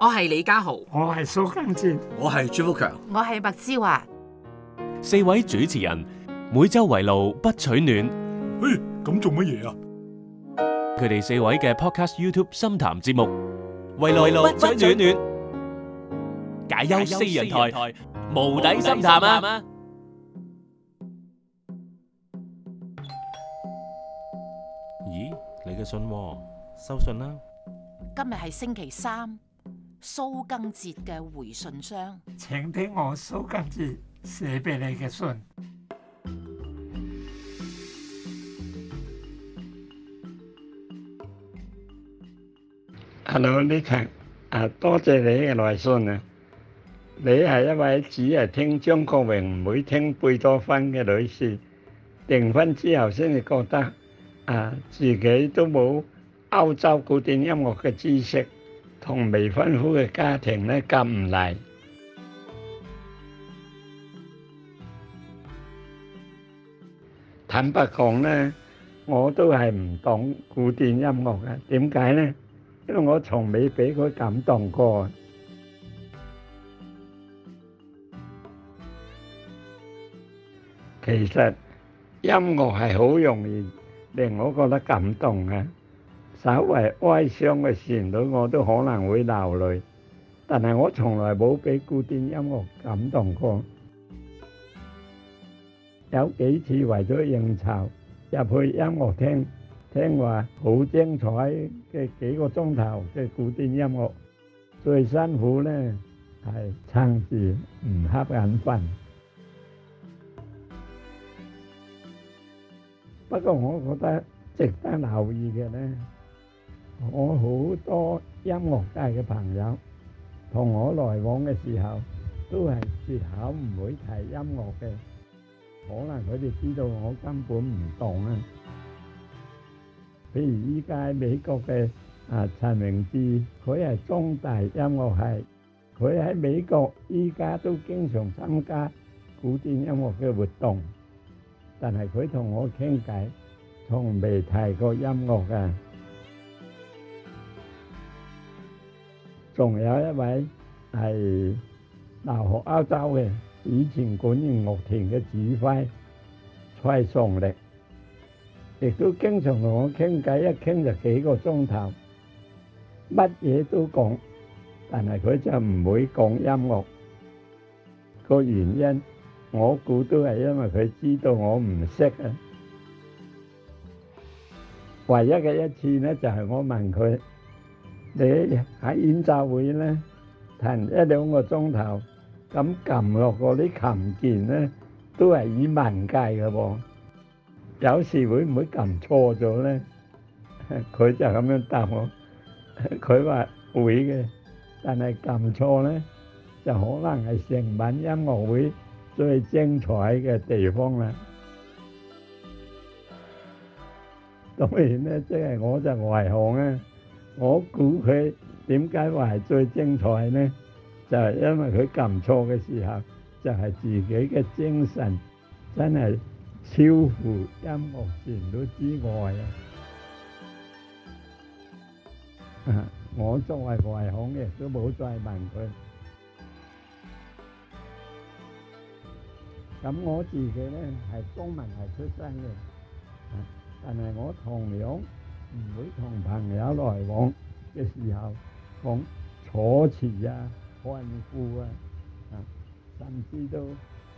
我係李家豪，我係蘇賡哲，我係朱福強，我係麥之華。四位主持人每周圍爐不取暖。嘿，咁做乜嘢啊？佢哋四位嘅 Podcast YouTube 深談節目，圍爐不取暖，解憂私人台台，無底深談啊！咦，你嘅信，收信啦。今日係星期三。蘇賡哲嘅回信箱，請聽我蘇賡哲寫俾你嘅信。Hello，Nica，啊，多謝你嘅來信啊！你係一位只係聽張國榮唔會聽貝多芬嘅女士，訂婚之後先至覺得啊，自己都冇歐洲古典音樂嘅知識。同未婚夫嘅家庭呢夾唔嚟。坦白講呢，我都係唔懂古典音樂嘅。點解呢？因為我從未俾佢感動過。其實音樂係好容易令我覺得感動嘅。稍微哀傷嘅旋律，我都可能會流淚。但係我從來冇俾古典音樂感動過。有幾次為咗應酬入去音樂廳，聽話好精彩嘅幾個鐘頭嘅古典音樂。最辛苦呢係撐住唔瞌眼瞓。不過我覺得值得留意嘅呢。我好多音樂界嘅朋友同我來往嘅時候，都係絕口唔會提音樂嘅。可能佢哋知道我根本唔懂啊。譬如依家美國嘅啊陳明志，佢係中大音樂系，佢喺美國依家都經常參加古典音樂嘅活動，但係佢同我傾偈，從未提過音樂㗎。仲有一位係留學歐洲嘅，以前管弦樂團嘅指揮蔡崇力，亦都經常同我傾偈，一傾就幾個鐘頭，乜嘢都講，但係佢就唔會講音樂。個原因我估都係因為佢知道我唔識啊。唯一嘅一次咧，就係、是、我問佢。你喺演奏會咧，彈一兩個鐘頭，咁撳落個啲琴鍵咧，都係以文計嘅喎。有時會唔會撳錯咗咧？佢 就咁樣答我，佢 話會嘅，但係撳錯咧，就可能係成晚音樂會最精彩嘅地方啦。當然咧，即、就、係、是、我就外行啊。我估佢點解話係最精彩咧？就係因為佢撳錯嘅時候，就係自己嘅精神真係超乎音樂線都之外啊！我作為外行嘅都冇再問佢。咁我自己咧係中文系出身嘅，但係我同樣，唔會同朋友來往嘅時候講楚辭啊、漢賦啊，甚至都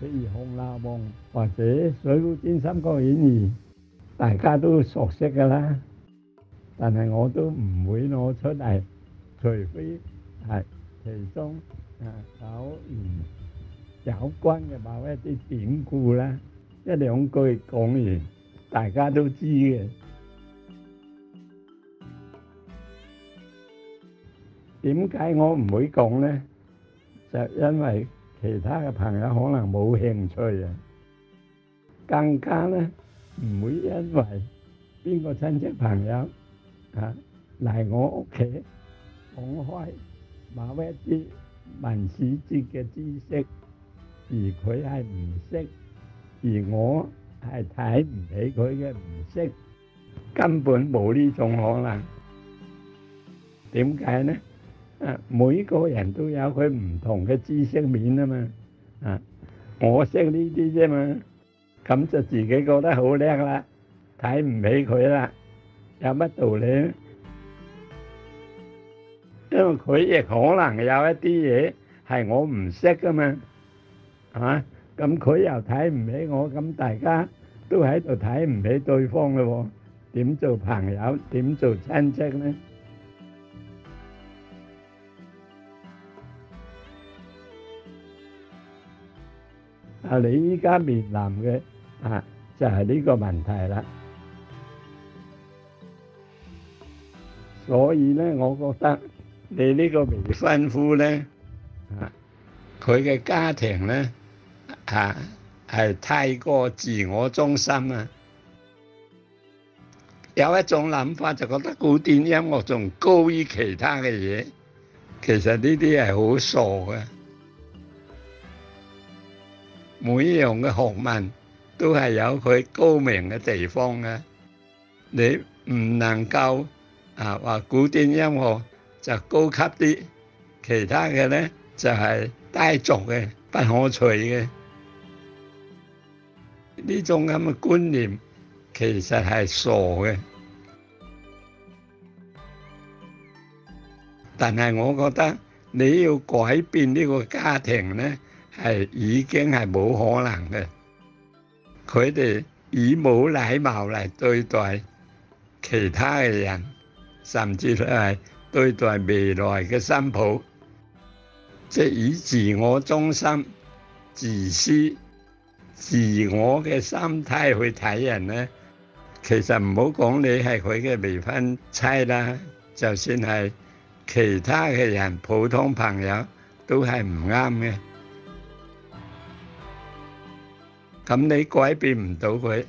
譬如《紅樓夢》或者《水滸傳》、三國演義，大家都熟悉噶啦。但係我都唔會攞出嚟，除非係其中啊講完有關嘅某一啲典故啦，一兩句講完，大家都知嘅。點解我唔會講呢？就因為其他嘅朋友可能冇興趣啊，更加呢唔會因為邊個親戚朋友啊嚟我屋企講開某一啲文史哲嘅知識，而佢係唔識，而我係睇唔起佢嘅唔識，根本冇呢種可能。點解呢？啊，每個人都有佢唔同嘅知識面啊嘛，啊，我識呢啲啫嘛，咁就自己覺得好叻啦，睇唔起佢啦，有乜道理？因為佢亦可能有一啲嘢係我唔識噶嘛，啊，咁佢又睇唔起我，咁大家都喺度睇唔起對方咯，點做朋友？點做親戚咧？啊！你依家面臨嘅啊就係呢個問題啦，所以咧，我覺得你呢個未婚夫咧啊，佢嘅家庭咧啊係太過自我中心啊，有一種諗法就覺得古典音樂仲高於其他嘅嘢，其實呢啲係好傻嘅。每樣嘅學問都係有佢高明嘅地方嘅，你唔能夠啊，話古典音樂就高級啲，其他嘅呢就係低俗嘅、不可取嘅。呢種咁嘅觀念其實係傻嘅，但係我覺得你要改變呢個家庭呢係已經係冇可能嘅。佢哋以冇禮貌嚟對待其他嘅人，甚至係對待未來嘅新抱，即係以自我中心、自私、自我嘅心態去睇人咧。其實唔好講你係佢嘅未婚妻啦，就算係其他嘅人，普通朋友都係唔啱嘅。咁你改變唔到佢，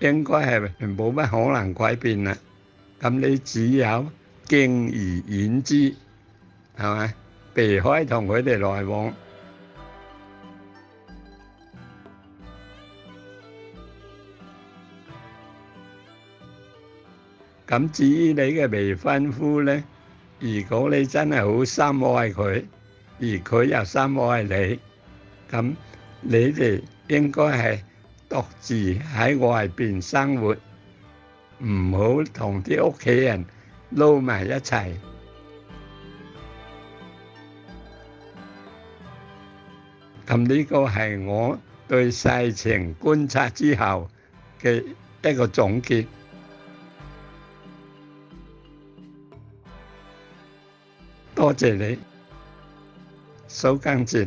應該係冇乜可能改變啦。咁你只有敬而遠之，係咪？避開同佢哋來往。咁至於你嘅未婚夫咧，如果你真係好深愛佢，而佢又深愛你，咁。你哋應該係獨自喺外邊生活，唔好同啲屋企人撈埋一齊。咁呢個係我對世情觀察之後嘅一個總結。多謝你，蘇賡哲。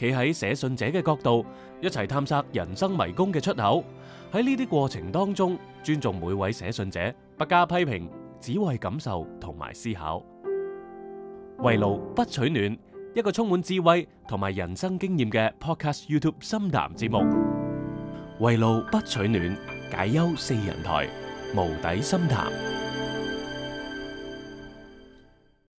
企喺寫信者嘅角度，一齊探索人生迷宮嘅出口。喺呢啲過程當中，尊重每位寫信者，不加批評，只為感受同埋思考。圍爐 不取暖，一個充滿智慧同埋人生經驗嘅 Podcast YouTube 深談節目。圍爐不取暖，解憂四人台，無底深談。